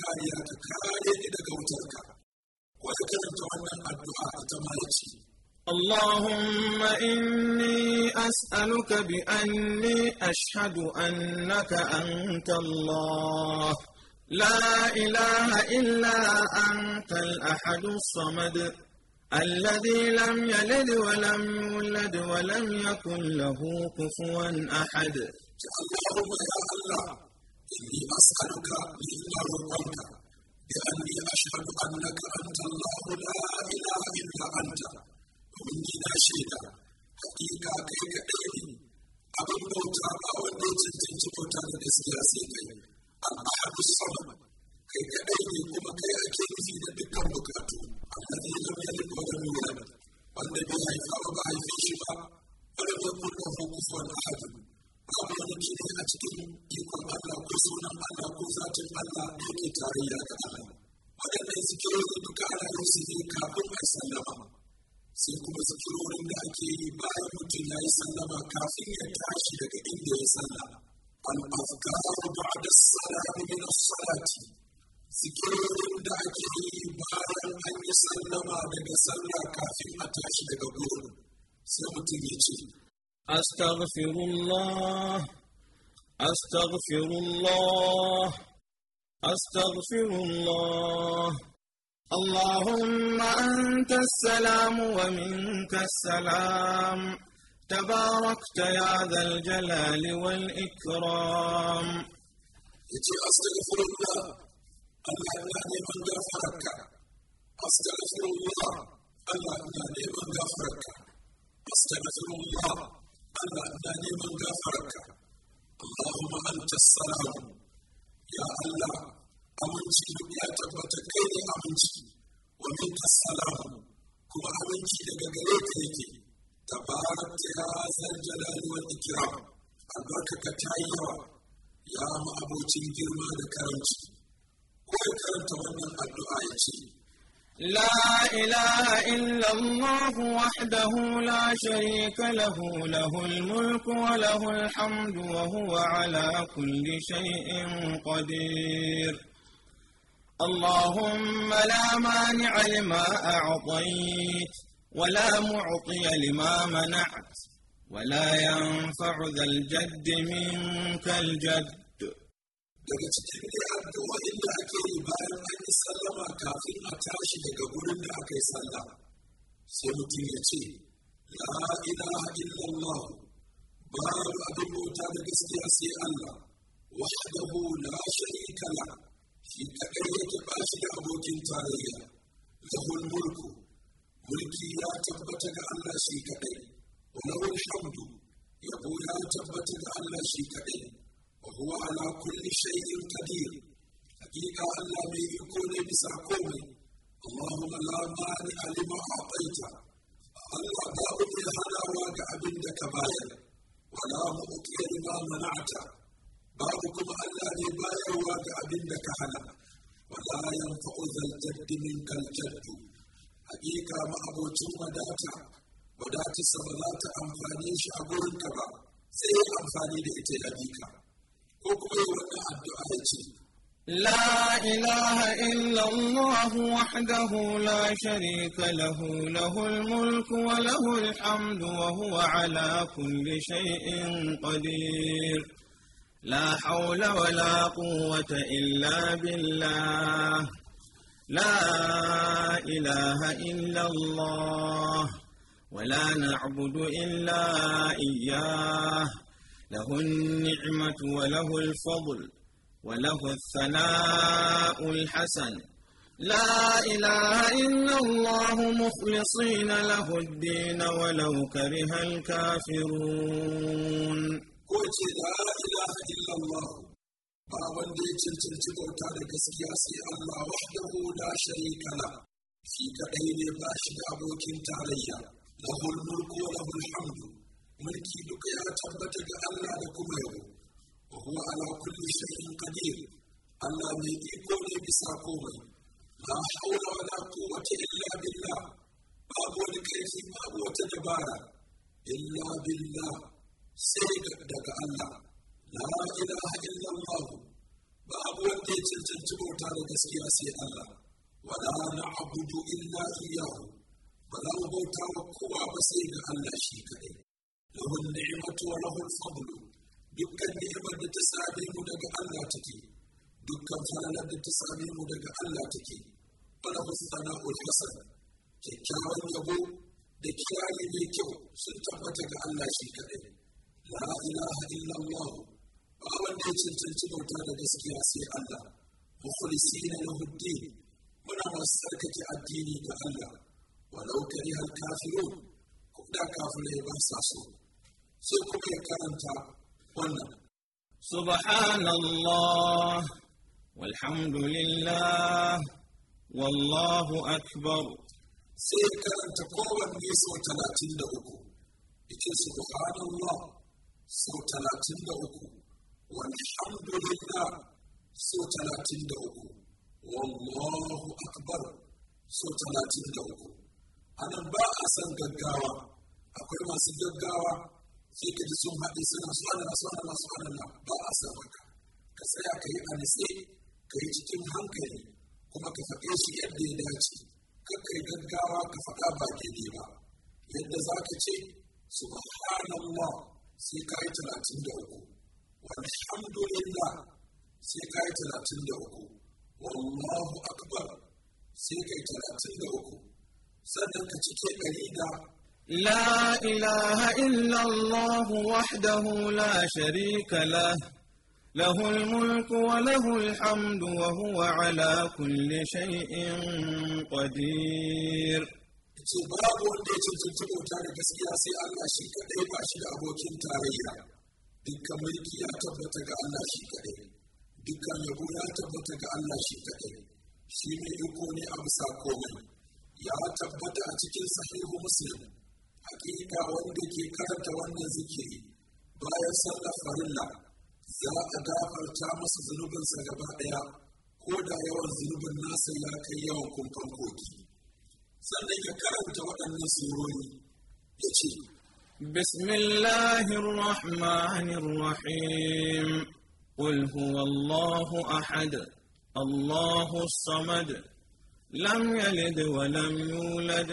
kariya kare ni daga wutarka karanta wannan addu'a ta اللهم إني أسألك بأني أشهد أنك أنت الله لا إله إلا أنت الأحد الصمد الذي لم يلد ولم يولد ولم يكن له كفوا أحد اللهم يا الله إني أسألك إلا ربك بأني أشهد أنك أنت الله لا إله إلا أنت وإني لا شهد حقيقة كيك أيدي أبو بوتا أو بيت تنتي بوتا لنسكي أسيكي الأحد الصمم كيك أيدي كما كي أكيد في ذلك بكاتو الذي لم يلد ولم يولد والذي هيفا وما هيفيش ما ولم يكن له كفوا أحد sunan Allah ko zatin Allah yake tarayya da Allah waɗannan zikirorin duka ana yin su ne kafin a sallama sai kuma zikirorin da ake yi bayan mutum ya yi sallama kafin ya tashi daga inda ya sallama al-afkar ba'da salati min as-salati zikirorin da ake yi bayan an yi sallama daga sallah kafin a tashi daga gurin sai mutum ya ce astaghfirullah أستغفر الله أستغفر الله اللهم أنت السلام ومنك السلام تباركت يا ذا الجلال والإكرام إتي أستغفر الله الله من غفرك أستغفر الله الله من غفرك أستغفر الله الله من غفرك اللهم أنت السلام يا الله أمنتي يا تبت كيني أمنتي ومنك السلام كما أمنتي لجلالك يكي تبارك يا ذا الجلال والإكرام البركة كتايرة يا ما أبو تنجر ما ذكرت وذكرت من الدعاء يكي لا إله إلا الله وحده لا شريك له له الملك وله الحمد وهو على كل شيء قدير اللهم لا مانع لما أعطيت ولا معطي لما منعت ولا ينفع ذا الجد منك الجد daga cikin ni'ar da wa'inda ake yi bayan an yi sallama kafin a tashi daga gurin da aka yi sallah sai mutum ya ce la ilaha illallah babu abin bauta da gaskiya sai Allah wahdahu la sharika la shi kadai yake ba shi da abokin tarayya lahul mulku mulki ya tabbata ga Allah shi kadai wa lahul hamdu yabo ya tabbata ga Allah shi kadai وهو على كل شيء قدير حقيقة الله بيكون بساكومي اللهم لا مانع لما أعطيت الله باوتي هذا واقع بندك باين ولا مؤتي لما منعت بعضكم ألا لبايع واقع بندك هنا ولا ينفع ذا الجد منك الجد حقيقة ما أبوتي وداتا وداتي سبلات أمفانيش أبورك با سيء أمفاني لإتي أبيك لا إله إلا الله وحده لا شريك له له الملك وله الحمد وهو على كل شيء قدير لا حول ولا قوة إلا بالله لا إله إلا الله ولا نعبد إلا إياه له النعمة وله الفضل وله الثناء الحسن لا إله إلا الله مخلصين له الدين ولو كره الكافرون قلت لا إله إلا الله فأول دي تلتل تبوتا لكسكي الله وحده لا شريك له في كأين باش أبوك تعليا له الملك وله الحمد mulki duka ya tabbata ga Allah da kuma yabo wa huwa ala kulli shay'in qadir Allah mai iko ne bisa komai la hawla wa la quwwata illa billah babu wani karfi babu wata dabara illa billah sai daga Allah la ilaha illa Allah babu wanda ya cancanci bauta da gaskiya sai Allah wala na'budu illa iyyahu ba za mu bauta wa kowa ba sai ga Allah shi kadai له النعمة وله الفضل dukkan ni'imar da ta same mu daga Allah take dukkan falalar da ta same mu daga Allah take fara husana ul hasan kyakkyawan yabo da kirari mai kyau sun tabbata ga Allah shi kadai la ilaha illallah ba wanda ya cancanci bauta da gaskiya sai Allah mukhlisina lahu din muna masu tsarkake addini ga Allah walau kariha al-kafirun ko da kafirai ba sa so سوكي كرمتا قلنا سبحان الله والحمد لله والله أكبر سيكا أنت قوة ليس وتلاتين لأكو إتي سبحان الله سو تلاتين لأكو والحمد لله سو تلاتين لأكو والله أكبر سو تلاتين لأكو أنا باقى سنجد جاوة أقول ما سنجد جاوة sai ka ji sun haɗe suna subhanallah subhanallah subhanallah ba a sa maka ka tsaya ka yi anise ka yi cikin hankali kuma ka faɗe shi yadda ya dace kar ka yi gaggawa ka faɗa ba daidai ba yadda za ka ce subhanallah sai ka yi talatin da uku walhamdulillah sai ka yi talatin da uku wallahu akbar sai ka yi talatin da uku sannan ka cike ɗari da لا إله إلا الله وحده لا شريك له له الملك وله الحمد وهو على كل شيء قدير ce babu wanda ya cancanci bauta da gaskiya sai Allah shi kaɗai ba shi da abokin tarayya dukkan mulki ya tabbata ga Allah shi kaɗai dukkan yabo ya tabbata ga Allah shi kaɗai shi ne iko ne a bisa komai ya tabbata a cikin sahihu muslim hakika wanda ke karanta wannan zikiri bayan sallar farilla za a gafarta masa zunubinsa gaba ɗaya ko da yawan zunubin nasa ya kai yawan kumfan koki sannan ya karanta waɗannan surori ya ce بسم الله الرحمن الرحيم قل هو الله أحد الله الصمد لم يلد ولم يولد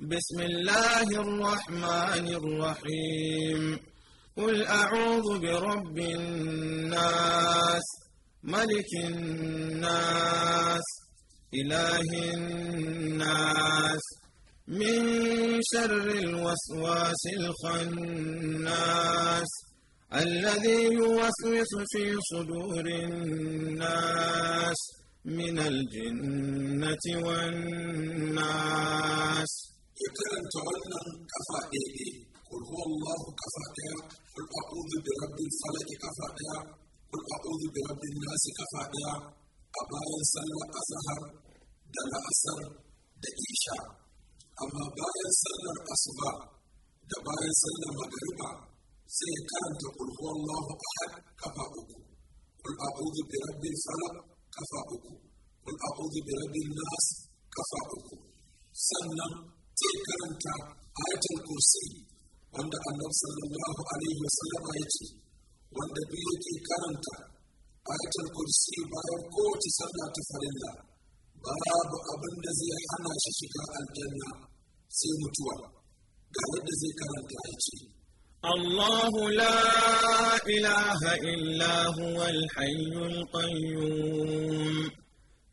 بسم الله الرحمن الرحيم قل أعوذ برب الناس ملك الناس إله الناس من شر الوسواس الخناس الذي يوسوس في صدور الناس من الجنة والناس karanta wannan kafa ɗaya kul huwallahu kafa ɗaya kul a'udhu bi rabbil falaq kafa ɗaya kul a'udhu bi rabbin nas kafa ɗaya a bayan sallar azhar da la'asar da isha amma bayan sallar asuba da bayan sallar magariba sai ya karanta kul huwallahu ahad kafa uku kul a'udhu bi rabbil falaq kafa uku kul a'udhu bi rabbin nas kafa uku sannan zai karanta ayatul kursi wanda annabi sallallahu alaihi wasallama ya ce wanda duk yake karanta ayatul kursi bayan kowace sallah ta farilla babu abin da zai hana shi shiga aljanna sai mutuwa ga wanda zai karanta ya ce الله لا إله إلا هو الحي القيوم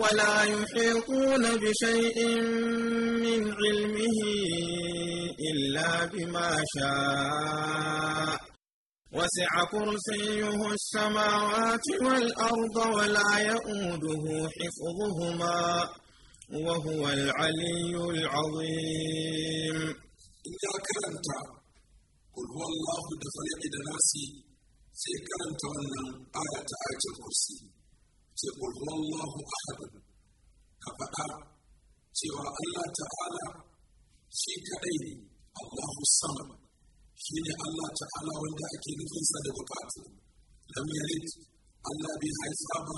ولا يحيطون بشيء من علمه إلا بما شاء وسع كرسيه السماوات والأرض ولا يؤوده حفظهما وهو العلي العظيم إذا كرمت قل هو الله دفل يد ناسي سيكرمت أن آية آية الكرسي sai kul huwallahu ahad ka faɗa cewa Allah ta'ala shi kaɗai ne Allahu samad shi ne Allah ta'ala wanda ake nufinsa da bukatu lam yalid Allah bai haifa ba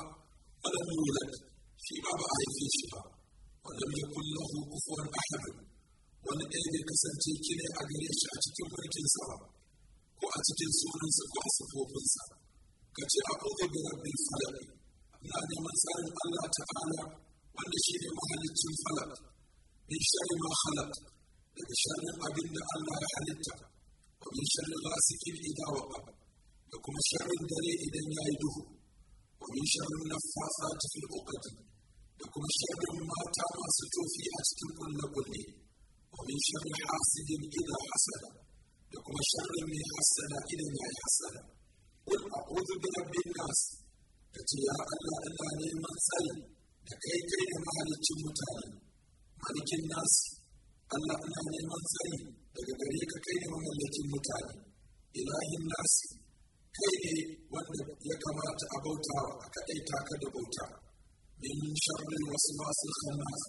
walam yulad shi ba ba a haife shi ba walam yakul lahu kufuwan ahad wani ɗaya bai kasance kine a gare shi a cikin mulkinsa ba ko a cikin sunansa ko a sifofinsa ka ce a ƙoƙo da rabbi falaki ina neman tsarin Allah ta'ala wanda shi ne mahalicin falak min shari ma halak daga sharrin abin da Allah ya halitta wa min sharri ghasikin idza waqab da kuma sharrin dare idan ya yi duhu wa min sharri naffasati fil uqad da kuma sharrin mata masu tofi a cikin kulle kulle wa min sharri hasidin idza hasada da kuma sharrin mai hasada idan ya yi hasada قل أعوذ برب الناس ka ce ya Allah ina neman tsayi da kai kai da mahalicin mutane malikin nasu Allah ina neman tsayi daga gare ka kai da mahalicin mutane ilahin nasu kai ne wanda ya kamata a bauta a kaɗaita ka da bauta min sharrin wasu masu khannas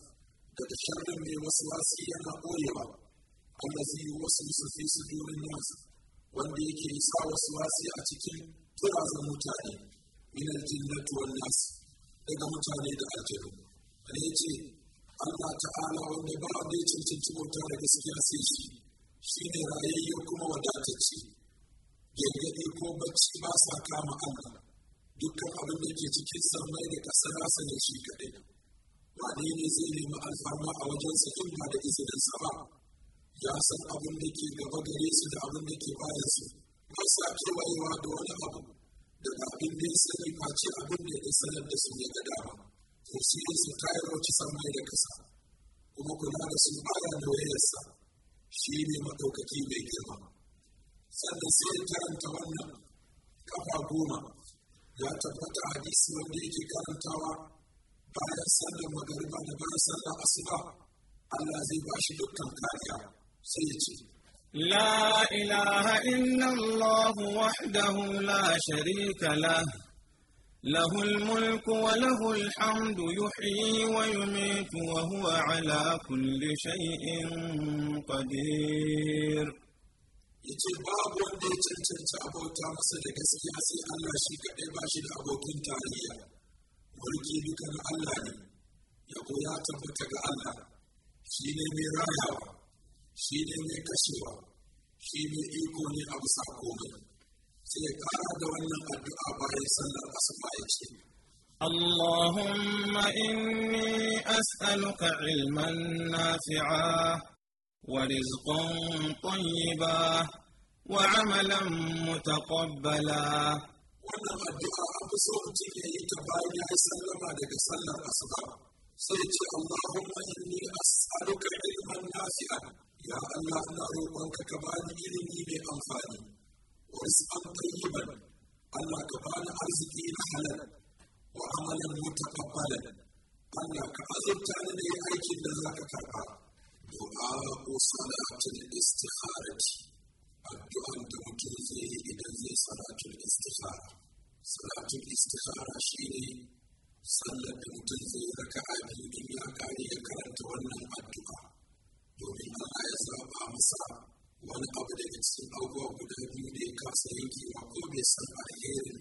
daga sharrin mai wasu wasu yana ɓoyewa Allah zai yi wasu sufi su durin nasu wanda yake sa wasu wasu a cikin turazan mutane min aljinnati wan nas daga mutane da aljanu bane yace Allah ta'ala wanda ba wanda ya cancanci bauta da gaskiya sai shi shine rayayye kuma wadatacce gargaɗi ko bacci ba sa kama Allah dukkan abin da ke cikin samai da ƙasa nasa ne shi kaɗai wane ne zai nemi alfarma a wajen in ba da izininsa ba ya san abin da ke gaba gare su da abin da ke bayan su ba sa kewayewa da wani abu daga abin da ya sani face abin da ya sanar da su ne da dama to shi su tayar rauci da kasa kuma kula da su baya da wayarsa shi ne maɗaukaki mai girma sannan sai ya karanta wannan kafa goma ya tabbata hadisi wanda yake karantawa bayan sallar magariba da bayan sallar asuba Allah zai ba shi dukkan kariya sai ya ce لا إله إلا الله وحده لا شريك له له الملك وله الحمد يحيي ويميت وهو على كل شيء قدير yace babu wanda ya cancanta abota masa da gaskiya sai Allah shi kaɗai ba shi da abokin tarayya mulki duka na Allah ne yabo ya tabbata ga Allah shi ne mai rayawa Shine ne kashewa, shi ne iko ne abu sako ne, sai kara da wannan addu’a اللهم إني أسألك علما نافعا ورزقا طيبا وعملا متقبلا وانما الدعاء بصوت يتبعي حسن لما دك صلى الله عليه وسلم اللهم إني أسألك علما نافعا يا الله أنا أروقك كبان إلني بأنفاني ورزقا طيبا الله كبان أرزقي نحلا وعملا متقبلا الله كأذبت على لي أيك لذلك كربا دعاء صلاة الاستخارة أدعو أن تمتلزي إذن ذي صلاة الاستخارة صلاة الاستخارة شيني صلى بمتلزي ركعة بمياه كاري يكرت ونم أدعو biyu da ya kasa yankewa ko bai san alherin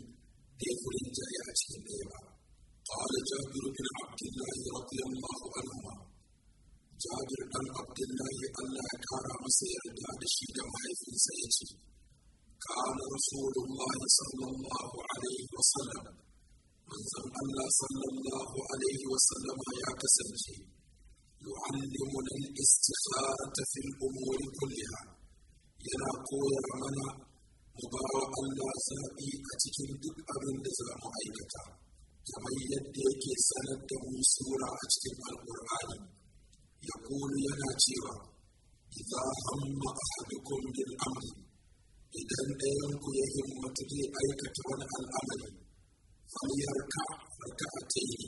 da ya kurin jaya a cikin ɗaya ba قال جابر بن عبد الله رضي الله عنهما جابر بن عبد الله الله كارا مسير داد شيد محيفين سيتي كان رسول الله صلى الله عليه وسلم من زم الله صلى الله عليه وسلم يا كسنجي يعلمنا الاستخارة في الأمور كلها yana koya mana mu ba wa Allah zaɓi a cikin duk abin da za mu aikata kamar yadda yake sanar da mu sura a cikin alƙur'ani ya kulu yana cewa idza hamma ahadukum bil amri idan ɗayan ku ya himmatu zai aikata wani al'amari falyarka raka'atayn